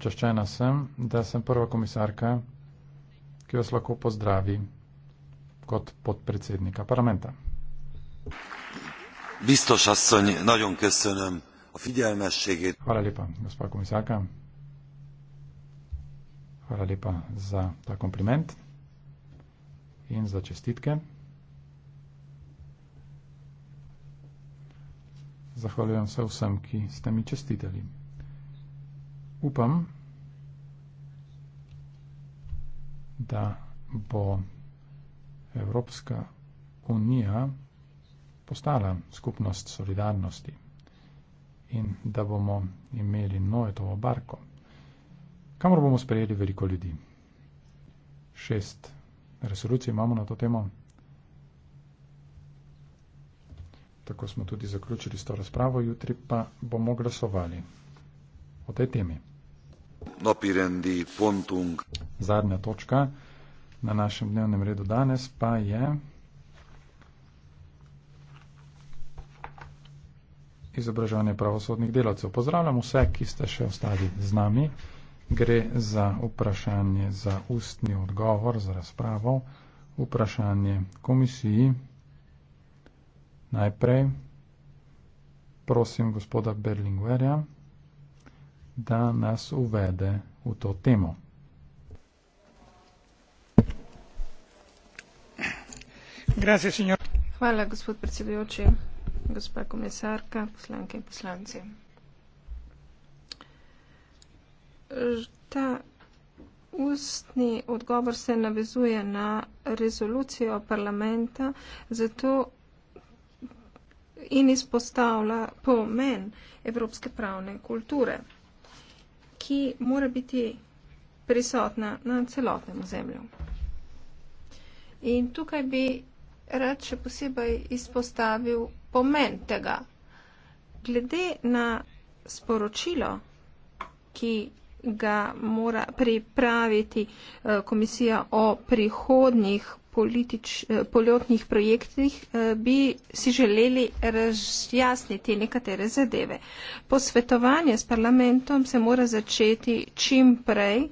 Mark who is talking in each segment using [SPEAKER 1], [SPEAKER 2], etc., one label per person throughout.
[SPEAKER 1] Počaščena sem, da sem prva komisarka, ki vas lahko pozdravi kot podpredsednika parlamenta.
[SPEAKER 2] Hvala
[SPEAKER 1] lepa, gospod komisarka. Hvala lepa za ta kompliment in za čestitke. Zahvaljujem se vsem, ki ste mi čestitali upam, da bo Evropska unija postala skupnost solidarnosti in da bomo imeli Noetovo barko, kamor bomo sprejeli veliko ljudi. Šest resolucij imamo na to temo. Tako smo tudi zaključili s to razpravo, jutri pa bomo glasovali o tej temi. Zadnja točka na našem dnevnem redu danes pa je izobraževanje pravosodnih delavcev. Pozdravljam vse, ki ste še ostali z nami. Gre za vprašanje, za ustni odgovor, za razpravo. Vprašanje komisiji. Najprej prosim gospoda Berlinguerja da nas uvede v to temo.
[SPEAKER 3] Grazie, Hvala, gospod predsedujoči, gospa komisarka, poslanke in poslanci. Ta ustni odgovor se navezuje na rezolucijo parlamenta, zato in izpostavlja pomen evropske pravne kulture ki mora biti prisotna na celotnem zemlju. In tukaj bi rad še posebej izpostavil pomen tega. Glede na sporočilo, ki ga mora pripraviti eh, komisija o prihodnjih politič, eh, poljotnih projektih, eh, bi si želeli razjasniti nekatere zadeve. Posvetovanje s parlamentom se mora začeti čim prej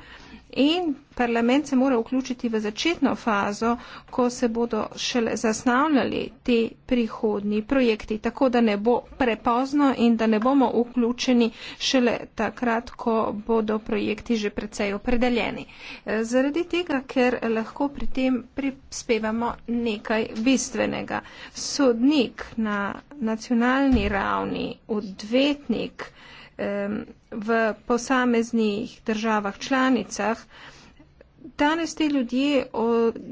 [SPEAKER 3] in parlament se mora vključiti v začetno fazo, ko se bodo šele zasnavljali ti prihodni projekti, tako da ne bo prepozno in da ne bomo vključeni šele takrat, ko bodo projekti že precej opredeljeni. E, zaradi tega, ker lahko pri tem prispevamo nekaj bistvenega. Sodnik na nacionalni ravni, odvetnik, v posameznih državah članicah, danes te ljudje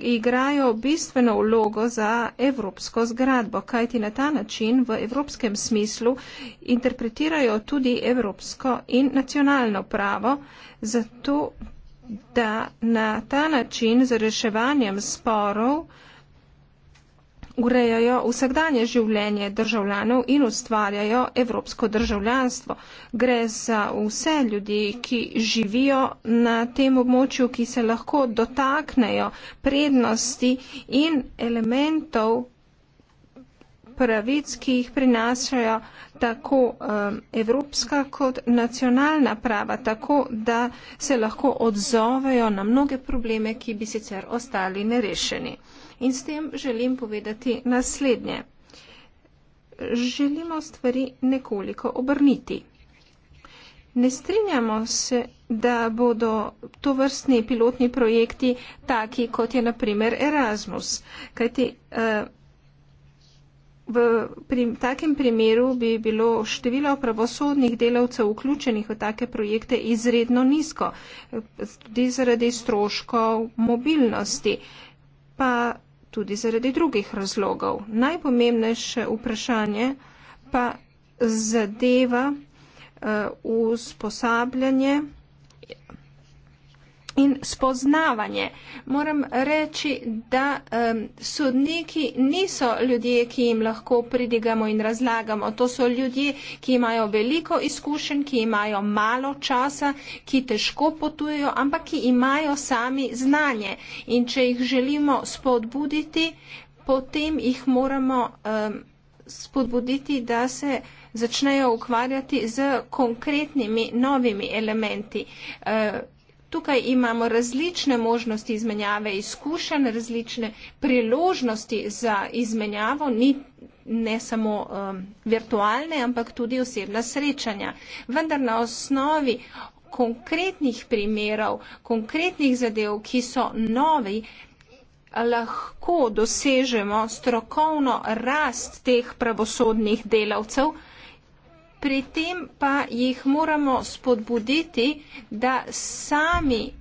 [SPEAKER 3] igrajo bistveno vlogo za evropsko zgradbo, kajti na ta način v evropskem smislu interpretirajo tudi evropsko in nacionalno pravo, zato da na ta način z reševanjem sporov urejajo vsakdanje življenje državljanov in ustvarjajo evropsko državljanstvo. Gre za vse ljudi, ki živijo na tem območju, ki se lahko dotaknejo prednosti in elementov pravic, ki jih prinašajo tako um, evropska kot nacionalna prava, tako da se lahko odzovejo na mnoge probleme, ki bi sicer ostali nerešeni. In s tem želim povedati naslednje. Želimo stvari nekoliko obrniti. Ne strinjamo se, da bodo to vrstni pilotni projekti taki, kot je naprimer Erasmus. Kajti uh, v pri, takem primeru bi bilo število pravosodnih delavcev vključenih v take projekte izredno nizko, tudi zaradi stroškov mobilnosti. Pa tudi zaradi drugih razlogov. Najpomembnejše vprašanje pa zadeva uh, usposabljanje in spoznavanje. Moram reči, da um, sodniki niso ljudje, ki jim lahko pridigamo in razlagamo. To so ljudje, ki imajo veliko izkušenj, ki imajo malo časa, ki težko potujejo, ampak ki imajo sami znanje. In če jih želimo spodbuditi, potem jih moramo um, spodbuditi, da se začnejo ukvarjati z konkretnimi novimi elementi. Uh, Tukaj imamo različne možnosti izmenjave izkušenj, različne priložnosti za izmenjavo, ni ne samo um, virtualne, ampak tudi osebna srečanja. Vendar na osnovi konkretnih primerov, konkretnih zadev, ki so novi, lahko dosežemo strokovno rast teh pravosodnih delavcev, pri tem pa jih moramo spodbuditi, da sami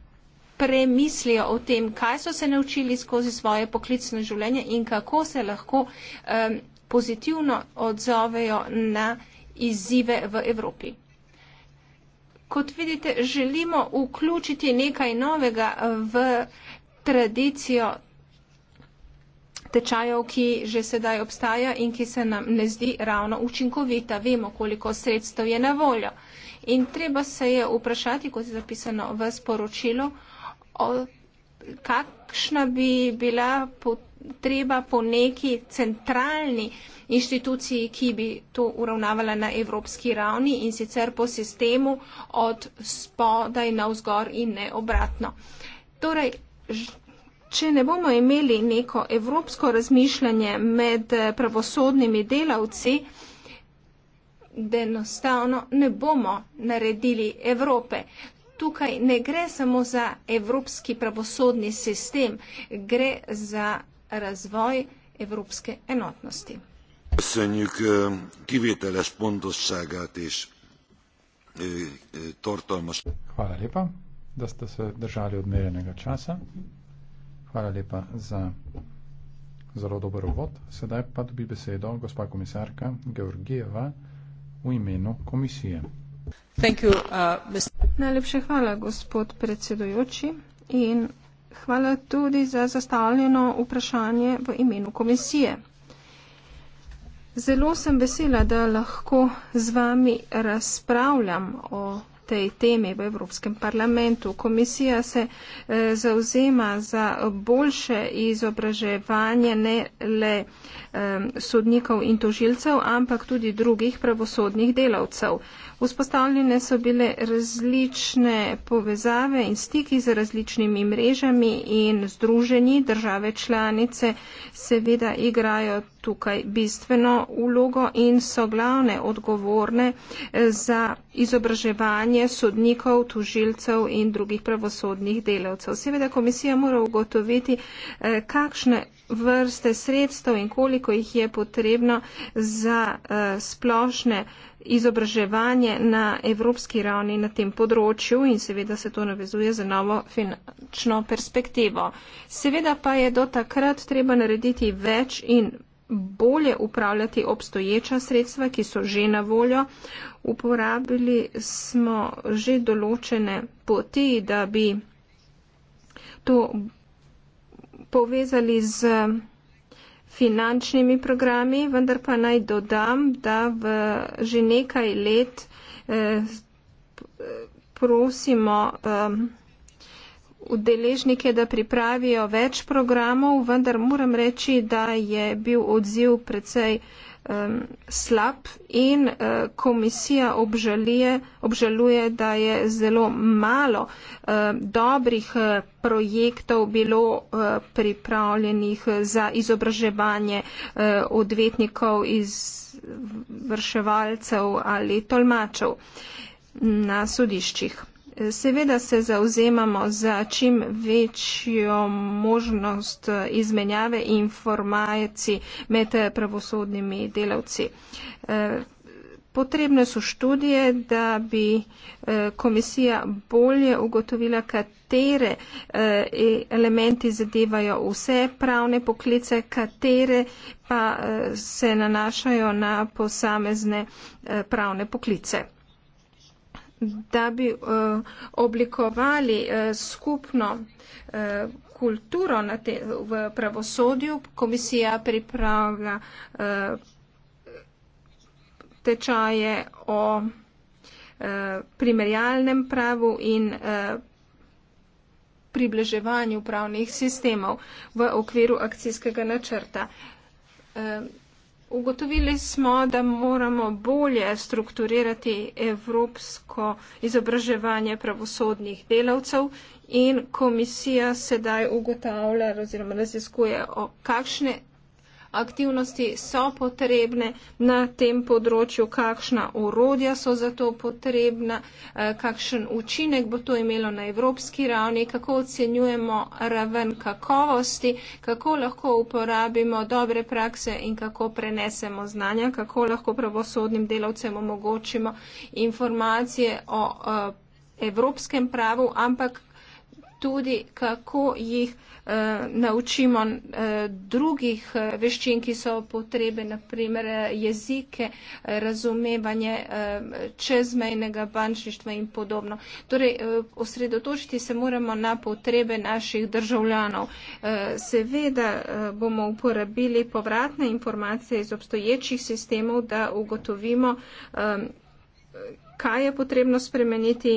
[SPEAKER 3] premislijo o tem, kaj so se naučili skozi svoje poklicno življenje in kako se lahko um, pozitivno odzovejo na izzive v Evropi. Kot vidite, želimo vključiti nekaj novega v tradicijo tečajev, ki že sedaj obstaja in ki se nam ne zdi ravno učinkovita. Vemo, koliko sredstev je na voljo. In treba se je vprašati, kot je zapisano v sporočilu, o kakšna bi bila potreba po neki centralni inštituciji, ki bi to uravnavala na evropski ravni in sicer po sistemu od spodaj na vzgor in ne obratno. Torej, če ne bomo imeli neko evropsko razmišljanje med eh, pravosodnimi delavci, da enostavno ne bomo naredili Evrope. Tukaj ne gre samo za evropski pravosodni sistem, gre za razvoj evropske enotnosti.
[SPEAKER 2] Köszönjük, eh, kivételes pontosságát és eh, tartalmas.
[SPEAKER 1] Hvala lepa, da ste se držali odmerenega časa. Hvala lepa za zelo dober uvod. Sedaj pa dobi besedo gospa komisarka Georgijeva v imenu komisije.
[SPEAKER 3] You, uh, Najlepše hvala, gospod predsedujoči, in hvala tudi za zastavljeno vprašanje v imenu komisije. Zelo sem vesela, da lahko z vami razpravljam o tej temi v Evropskem parlamentu. Komisija se eh, zauzema za boljše izobraževanje ne le eh, sodnikov in tožilcev, ampak tudi drugih pravosodnih delavcev. Vzpostavljene so bile različne povezave in stiki z različnimi mrežami in združenji države članice seveda igrajo tukaj bistveno ulogo in so glavne odgovorne eh, za izobraževanje sodnikov, tužilcev in drugih pravosodnih delavcev. Seveda komisija mora ugotoviti, eh, kakšne vrste sredstev in koliko jih je potrebno za eh, splošne izobraževanje na evropski ravni na tem področju in seveda se to navezuje za novo finančno perspektivo. Seveda pa je do takrat treba narediti več in bolje upravljati obstoječa sredstva, ki so že na voljo. Uporabili smo že določene poti, da bi to povezali z finančnimi programi, vendar pa naj dodam, da v že nekaj let eh, prosimo. Eh, udeležnike, da pripravijo več programov, vendar moram reči, da je bil odziv precej um, slab in uh, komisija obžaluje, obžaluje, da je zelo malo uh, dobrih uh, projektov bilo uh, pripravljenih za izobraževanje uh, odvetnikov iz vrševalcev ali tolmačev na sodiščih. Seveda se zauzemamo za čim večjo možnost izmenjave informacij med pravosodnimi delavci. Potrebne so študije, da bi eh, komisija bolje ugotovila, katere eh, elementi zadevajo vse pravne poklice, katere pa eh, se nanašajo na posamezne pravne poklice da bi eh, oblikovali eh, skupno eh, kulturo v pravosodju. Komisija pripravlja tečaje o primerjalnem pravu in približevanju pravnih sistemov v okviru akcijskega načrta. Ugotovili smo, da moramo bolje strukturirati evropsko izobraževanje pravosodnih delavcev in komisija sedaj ugotavlja oziroma raziskuje, kakšne aktivnosti so potrebne na tem področju, kakšna urodja so za to potrebna, eh, kakšen učinek bo to imelo na evropski ravni, kako ocenjujemo raven kakovosti, kako lahko uporabimo dobre prakse in kako prenesemo znanja, kako lahko pravosodnim delavcem omogočimo informacije o eh, evropskem pravu, ampak tudi, kako jih eh, naučimo eh, drugih eh, veščin, ki so potrebe, naprimer eh, jezike, eh, razumevanje eh, čezmejnega bančništva in podobno. Torej, eh, osredotočiti se moramo na potrebe naših državljanov. Eh, seveda eh, bomo uporabili povratne informacije iz obstoječih sistemov, da ugotovimo, eh, kaj je potrebno spremeniti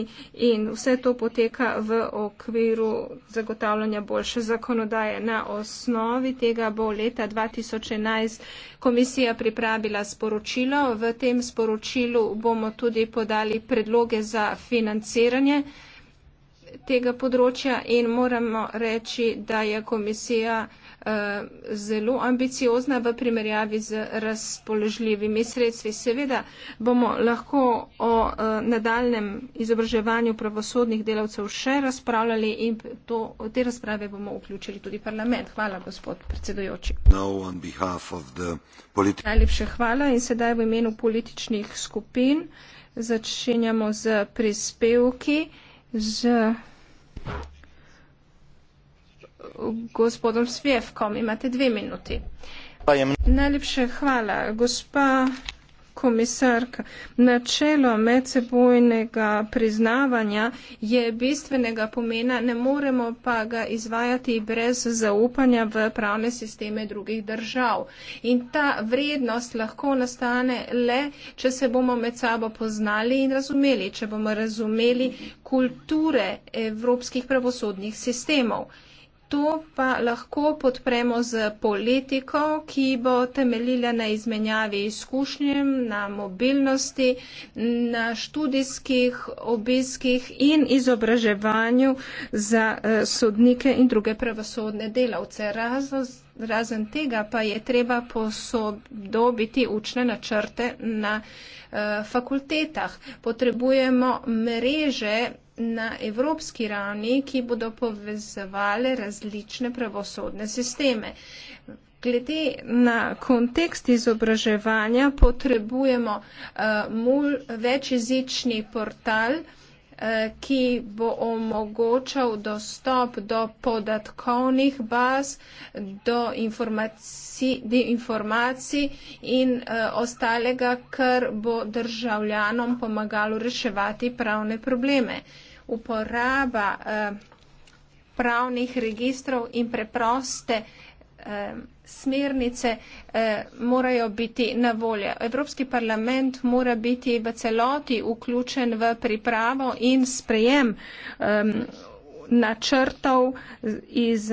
[SPEAKER 3] in vse to poteka v okviru zagotavljanja boljše zakonodaje. Na osnovi tega bo leta 2011 komisija pripravila sporočilo. V tem sporočilu bomo tudi podali predloge za financiranje tega področja in moramo reči, da je komisija Eh, zelo ambiciozna v primerjavi z razpoložljivimi sredstvi. Seveda bomo lahko o eh, nadaljem izobraževanju pravosodnih delavcev še razpravljali in to, te razprave bomo vključili tudi parlament. Hvala, gospod predsedujoči. Najlepše hvala in sedaj v imenu političnih skupin začenjamo z prispevki. Z gospodom Svjevkom. Imate dve minuti. Najlepše hvala. Gospa komisarka, načelo medsebojnega priznavanja je bistvenega pomena, ne moremo pa ga izvajati brez zaupanja v pravne sisteme drugih držav. In ta vrednost lahko nastane le, če se bomo med sabo poznali in razumeli, če bomo razumeli kulture evropskih pravosodnih sistemov. To pa lahko podpremo z politiko, ki bo temeljila na izmenjavi izkušnjem, na mobilnosti, na študijskih obiskih in izobraževanju za eh, sodnike in druge pravosodne delavce. Razlog razen tega pa je treba posodobiti učne načrte na eh, fakultetah. Potrebujemo mreže na evropski ravni, ki bodo povezovale različne pravosodne sisteme. Glede na kontekst izobraževanja potrebujemo eh, mul, večjezični portal, eh, Eh, ki bo omogočal dostop do podatkovnih baz, do informacij in eh, ostalega, kar bo državljanom pomagalo reševati pravne probleme. Uporaba eh, pravnih registrov in preproste smernice morajo biti na voljo. Evropski parlament mora biti v celoti vključen v pripravo in sprejem načrtov iz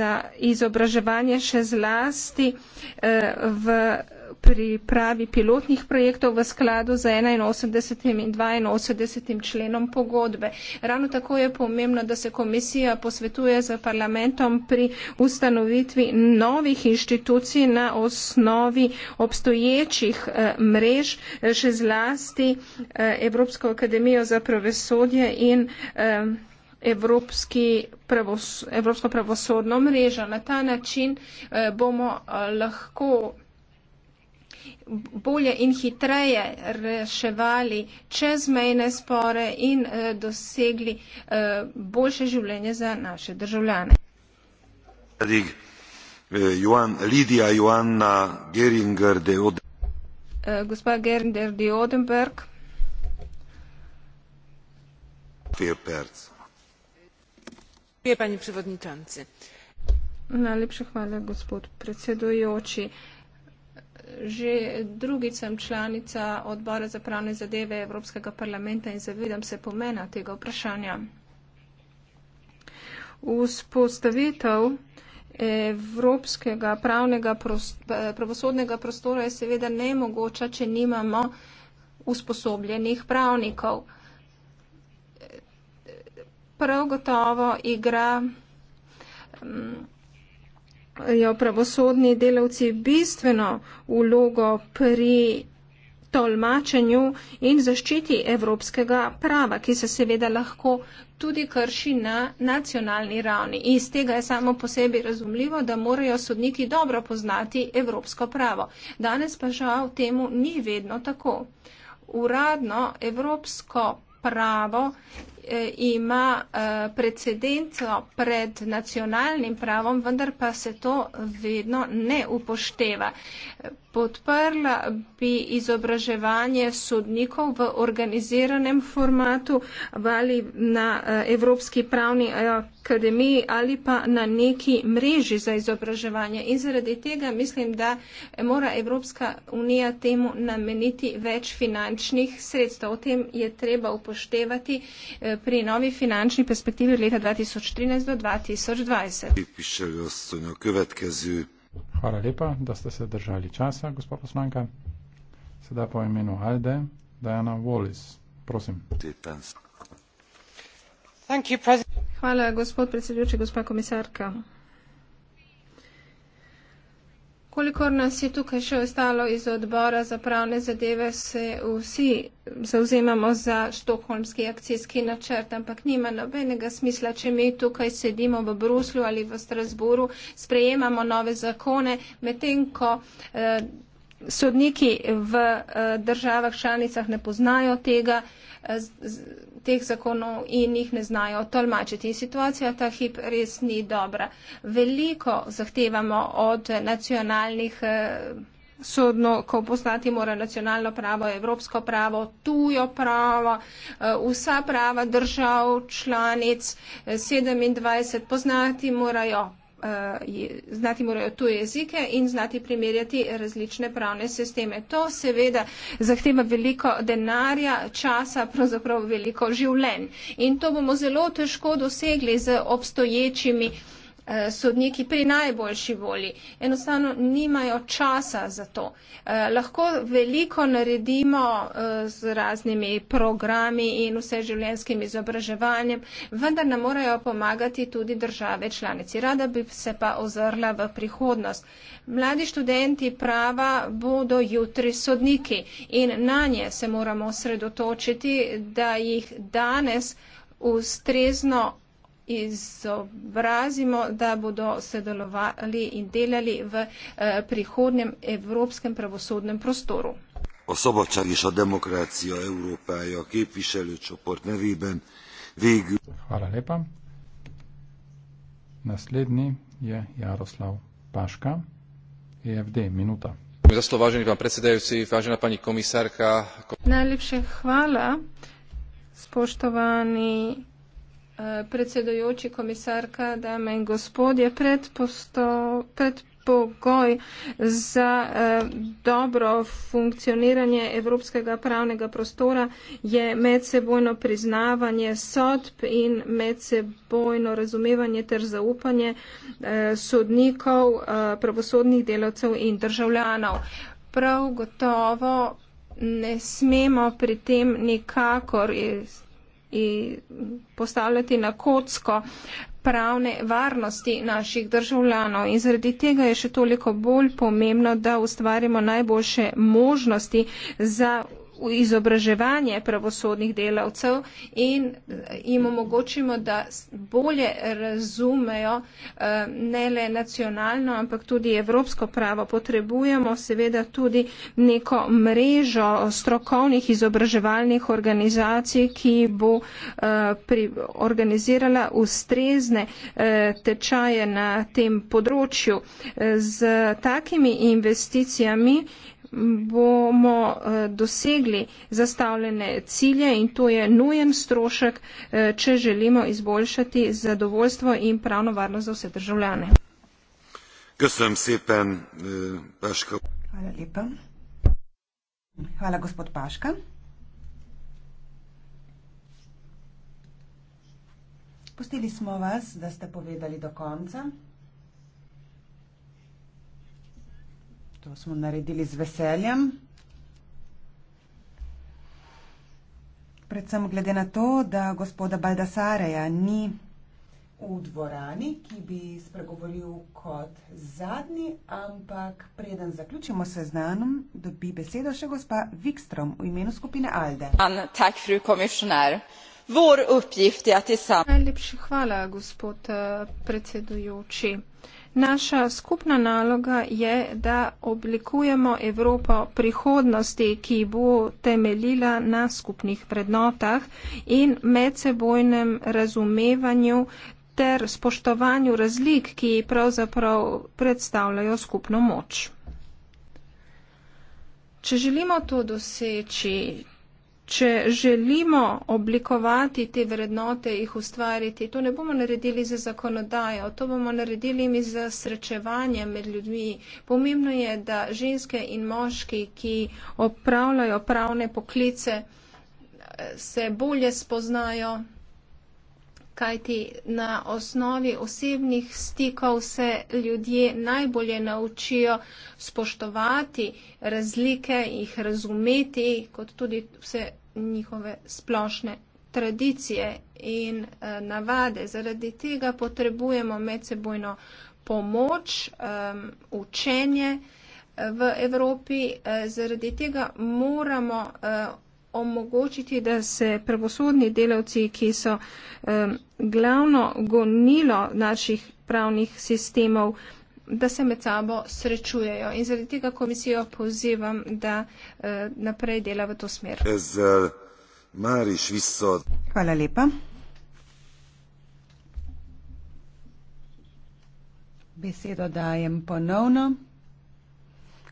[SPEAKER 3] izobraževanja še zlasti eh, v pripravi pilotnih projektov v skladu z 81. in 82. členom pogodbe. Ravno tako je pomembno, da se komisija posvetuje z parlamentom pri ustanovitvi novih inštitucij na osnovi obstoječih eh, mrež, še zlasti eh, Evropsko akademijo za pravosodje in eh, Evropski pravos, Evropsko pravosodno mrežo. Na ta način bomo lahko bolje in hitreje reševali čezmejne spore in eh, dosegli eh, boljše življenje za naše državljane. Eh, eh, gospa Geringer de Odenberg. Najlepša hvala, gospod predsedujoči. Eh, že drugič sem članica odbora za pravne zadeve Evropskega parlamenta in zavedam se pomena tega vprašanja. Vzpostavitev Evropskega pravnega prostora, pravosodnega prostora je seveda nemogoča, če nimamo usposobljenih pravnikov. Prav gotovo igra mm, jo pravosodni delavci bistveno vlogo pri tolmačenju in zaščiti evropskega prava, ki se seveda lahko tudi krši na nacionalni ravni. Iz tega je samo po sebi razumljivo, da morajo sodniki dobro poznati evropsko pravo. Danes pa žal temu ni vedno tako. Uradno evropsko pravo Eh, ima eh, precedenco pred nacionalnim pravom, vendar pa se to vedno ne upošteva. Podprla bi izobraževanje sodnikov v organiziranem formatu ali na eh, Evropski pravni akademiji ali pa na neki mreži za izobraževanje. In zaradi tega mislim, da mora Evropska unija temu nameniti več finančnih sredstev. O tem je treba upoštevati pri novi finančni perspektivi od leta 2013 do
[SPEAKER 2] 2020.
[SPEAKER 1] Hvala lepa, da ste se držali časa, gospod poslanka. Sedaj po imenu Alde, Diana Wallis. Prosim.
[SPEAKER 3] Hvala, gospod predsedujoči, gospa komisarka. Kolikor nas je tukaj še ostalo iz odbora za pravne zadeve, se vsi zauzemamo za štokholmski akcijski načrt, ampak nima nobenega smisla, če mi tukaj sedimo v Bruslju ali v Strasburu, sprejemamo nove zakone, medtem ko. Eh, sodniki v eh, državah članicah ne poznajo tega, eh, teh zakonov in jih ne znajo tolmačiti. In situacija ta hip res ni dobra. Veliko zahtevamo od nacionalnih eh, sodno, ko poznati mora nacionalno pravo, evropsko pravo, tujo pravo, vsa prava držav, članic, 27 poznati morajo Eh, znati morajo tu jezike in znati primerjati različne pravne sisteme. To seveda zahteva veliko denarja, časa, pravzaprav veliko življenj. In to bomo zelo težko dosegli z obstoječimi Eh, sodniki pri najboljši volji. Enostavno nimajo časa za to. Eh, lahko veliko naredimo eh, z raznimi programi in vseživljenjskim izobraževanjem, vendar nam morajo pomagati tudi države članici. Rada bi se pa ozrla v prihodnost. Mladi študenti prava bodo jutri sodniki in na nje se moramo osredotočiti, da jih danes ustrezno izobrazimo, da bodo sodelovali in delali v eh, prihodnjem evropskem pravosodnem prostoru.
[SPEAKER 2] A szabadság és a demokrácia Európája képviselőcsoport nevében végül.
[SPEAKER 1] Hála lépa. Nasledni je Jaroslav Paška, EFD, minuta. Za slovo, vážený pán predsedajúci, vážená pani komisárka.
[SPEAKER 3] Najlepšie chvála, spoštovaný predsedujoči komisarka, dame in gospodje, predpogoj za eh, dobro funkcioniranje evropskega pravnega prostora je medsebojno priznavanje sodb in medsebojno razumevanje ter zaupanje eh, sodnikov, eh, pravosodnih delavcev in državljanov. Prav gotovo ne smemo pri tem nikakor iz postavljati na kocko pravne varnosti naših državljanov. In zaradi tega je še toliko bolj pomembno, da ustvarimo najboljše možnosti za izobraževanje pravosodnih delavcev in eh, jim omogočimo, da bolje razumejo eh, ne le nacionalno, ampak tudi evropsko pravo. Potrebujemo seveda tudi neko mrežo strokovnih izobraževalnih organizacij, ki bo eh, organizirala ustrezne tečaje na tem področju. Z takimi investicijami bomo eh, dosegli zastavljene cilje in to je nujen strošek, eh, če želimo izboljšati zadovoljstvo in pravno varnost za vse državljane.
[SPEAKER 2] Kasem sepen, eh, Paška.
[SPEAKER 3] Hvala lepa. Hvala, gospod Paška.
[SPEAKER 4] Pustili smo vas, da ste povedali do konca. To smo naredili z veseljem. Predvsem glede na to, da gospoda Baldasareja ni v dvorani, ki bi spregovoril kot zadnji, ampak preden zaključimo seznanom, dobi besedo še gospa Vikstrom v imenu skupine
[SPEAKER 3] Alde. Tak, fru komisionar. Vor upjifti, a ti sam. Najlepši hvala, gospod eh, predsedujoči. Uh, Naša skupna naloga je, da oblikujemo Evropo prihodnosti, ki bo temeljila na skupnih vrednotah in medsebojnem razumevanju ter spoštovanju razlik, ki pravzaprav predstavljajo skupno moč. Če želimo to doseči, če želimo oblikovati te vrednote, jih ustvariti, to ne bomo naredili za zakonodajo, to bomo naredili mi za srečevanje med ljudmi. Pomembno je, da ženske in moški, ki opravljajo pravne poklice, se bolje spoznajo, kajti na osnovi osebnih stikov se ljudje najbolje naučijo spoštovati razlike, jih razumeti, kot tudi vse njihove splošne tradicije in eh, navade. Zaradi tega potrebujemo medsebojno pomoč, učenje eh, v Evropi, eh, zaradi tega moramo omogočiti, da se pravosodni delavci, ki so um, glavno gonilo naših pravnih sistemov, da se med sabo srečujejo. In zaradi tega komisijo pozivam, da uh, naprej dela v to smer.
[SPEAKER 2] Eh,
[SPEAKER 4] Hvala lepa. Besedo dajem ponovno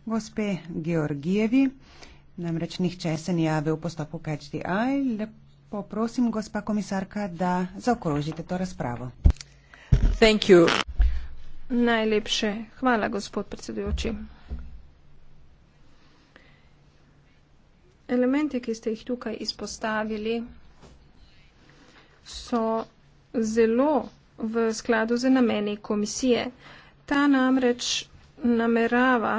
[SPEAKER 4] gospe Georgijevi. Namreč nihče se ni javil v postopku Catch the Eye. Lepo prosim, gospa komisarka, da zaokrožite to razpravo.
[SPEAKER 3] Thank you. Najlepše hvala, gospod predsedujoči. Elementi, ki ste jih tukaj izpostavili, so zelo v skladu z nameni komisije. Ta namreč namerava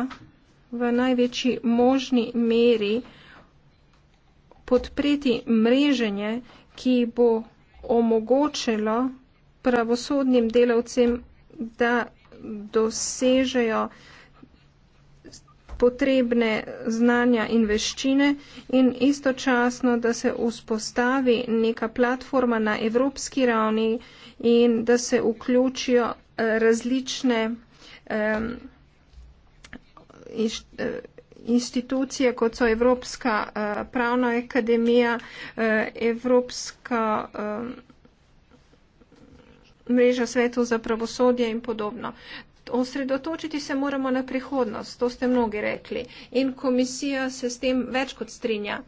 [SPEAKER 3] v največji možni meri podpreti mreženje, ki bo omogočilo pravosodnim delavcem, da dosežejo potrebne znanja in veščine in istočasno, da se vzpostavi neka platforma na evropski ravni in da se vključijo eh, različne um, Eh, institucije, kot so Evropska eh, pravna akademija, eh, Evropska mreža svetov za pravosodje in podobno. Osredotočiti se moramo na prihodnost, to ste mnogi rekli. In komisija se s tem več kot strinja.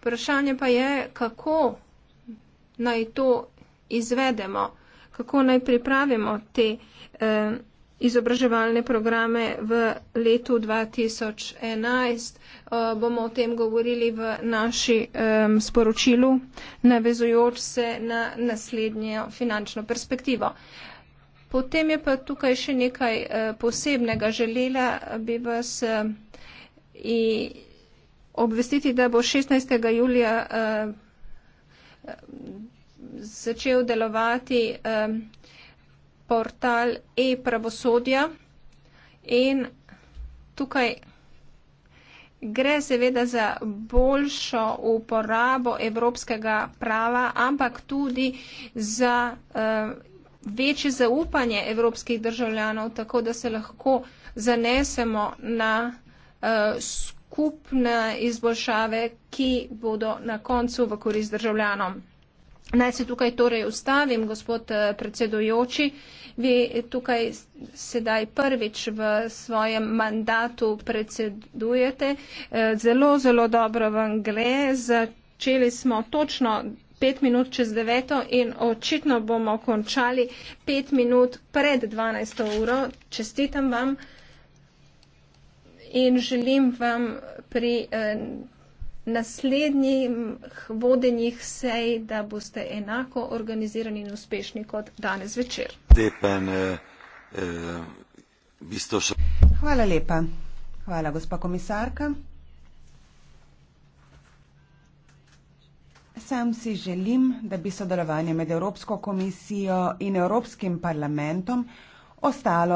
[SPEAKER 3] Vprašanje pa je, kako naj to izvedemo, kako naj pripravimo te. Eh, izobraževalne programe v letu 2011. Eh, bomo o tem govorili v naši sporočilu, navezujoč se na naslednjo finančno perspektivo. Potem je pa tukaj še nekaj eh, posebnega. Želela bi vas eh, obvestiti, da bo 16. julija začel delovati portal e-pravosodja in tukaj gre seveda za boljšo uporabo evropskega prava, ampak tudi za uh, večje zaupanje evropskih državljanov, tako da se lahko zanesemo na uh, skupne izboljšave, ki bodo na koncu v korist državljanom. Naj se tukaj torej ustavim, gospod eh, predsedujoči. Vi tukaj sedaj prvič v svojem mandatu predsedujete. Eh, zelo, zelo dobro vam gre. Začeli smo točno pet minut čez deveto in očitno bomo končali pet minut pred 12. uro. Čestitam vam in želim vam pri. Eh, naslednjih vodenjih sej, da boste enako organizirani in uspešni kot danes večer.
[SPEAKER 2] Eh, eh,
[SPEAKER 4] Hvala lepa. Hvala, gospa komisarka. Sam si želim, da bi sodelovanje med Evropsko komisijo in Evropskim parlamentom ostalo.